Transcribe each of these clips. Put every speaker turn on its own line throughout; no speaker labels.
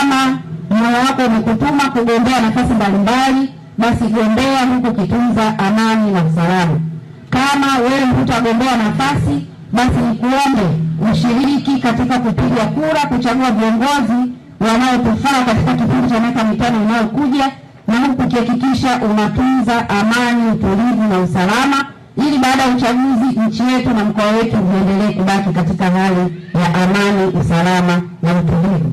kama moyo wako umekutuma kugombea nafasi mbalimbali, basi gombea huku kitunza amani na usalama. Kama wewe hutagombea nafasi, basi nikuombe ushiriki katika kupiga kura kuchagua viongozi wanaotufaa katika kipindi cha miaka mitano inayokuja, na huku ukihakikisha unatunza amani, utulivu na usalama, ili baada ya uchaguzi nchi yetu na mkoa wetu viendelee kubaki katika hali ya amani, usalama na utulivu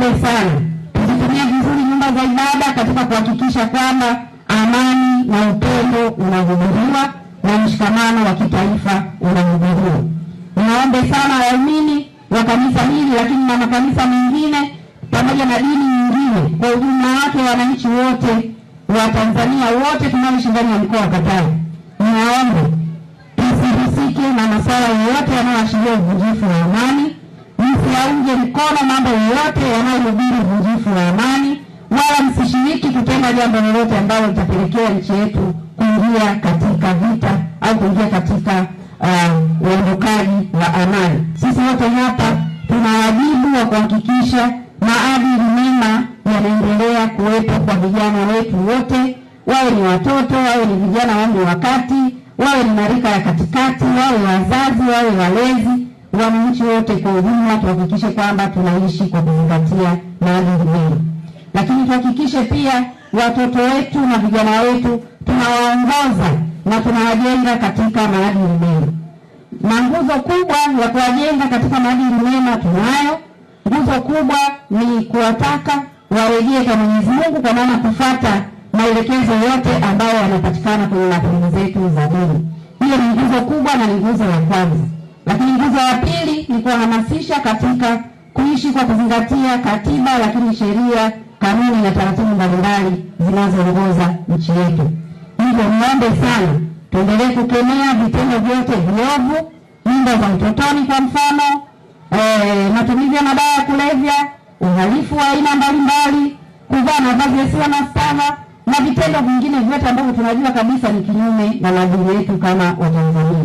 jambo sana, tuzitumie vizuri nyumba za ibada katika kuhakikisha kwamba amani na upendo unahubiriwa na mshikamano wa kitaifa unahubiriwa. Ninaombe sana waumini wa kanisa hili, lakini na makanisa mengine pamoja na dini nyingine kwa ujumla wake, wananchi wote wa Tanzania wote tunaoishi ndani ya mkoa wa Katavi, ninaomba tusihusike na masuala yoyote yanayoashiria uvunjifu wa amani yaunge mkono mambo yoyote yanayohubiri uvunjifu wa amani, wala msishiriki kutenda jambo lolote ambalo litapelekea nchi yetu kuingia katika vita au kuingia katika uondokaji uh, wa amani. Sisi wote hapa tuna wajibu wa kuhakikisha maadili mema yanaendelea kuwepo kwa vijana wetu wote, wawe ni watoto, wawe ni vijana wangu wakati wawe ni marika ya katikati, wawe wazazi, wawe walezi wananchi wote kwa ujumla tuhakikishe kwamba tunaishi kwa kuzingatia maadili mema, lakini tuhakikishe pia watoto wetu na vijana wetu tunawaongoza na tunawajenga katika maadili mema. Na nguzo kubwa ya kuwajenga katika maadili mema tunayo. Nguzo kubwa ni kuwataka warejee kwa Mwenyezi Mungu, kwa maana kufata maelekezo yote ambayo yanapatikana kwenye mapingo zetu za dini. Hiyo ni nguzo kubwa na ni nguzo ya kwanza ya pili ni kuhamasisha katika kuishi kwa kuzingatia katiba, lakini sheria, kanuni na taratibu mbalimbali zinazoongoza nchi yetu. Hivyo niombe sana, tuendelee kukemea vitendo vyote viovu, nyumba za utotoni kwa mfano, e, matumizi ya madawa ya kulevya, uhalifu wa aina mbalimbali, kuvaa mavazi yasiyo na staha na vitendo vingine vyote ambavyo tunajua kabisa ni kinyume na maadili yetu kama Watanzania.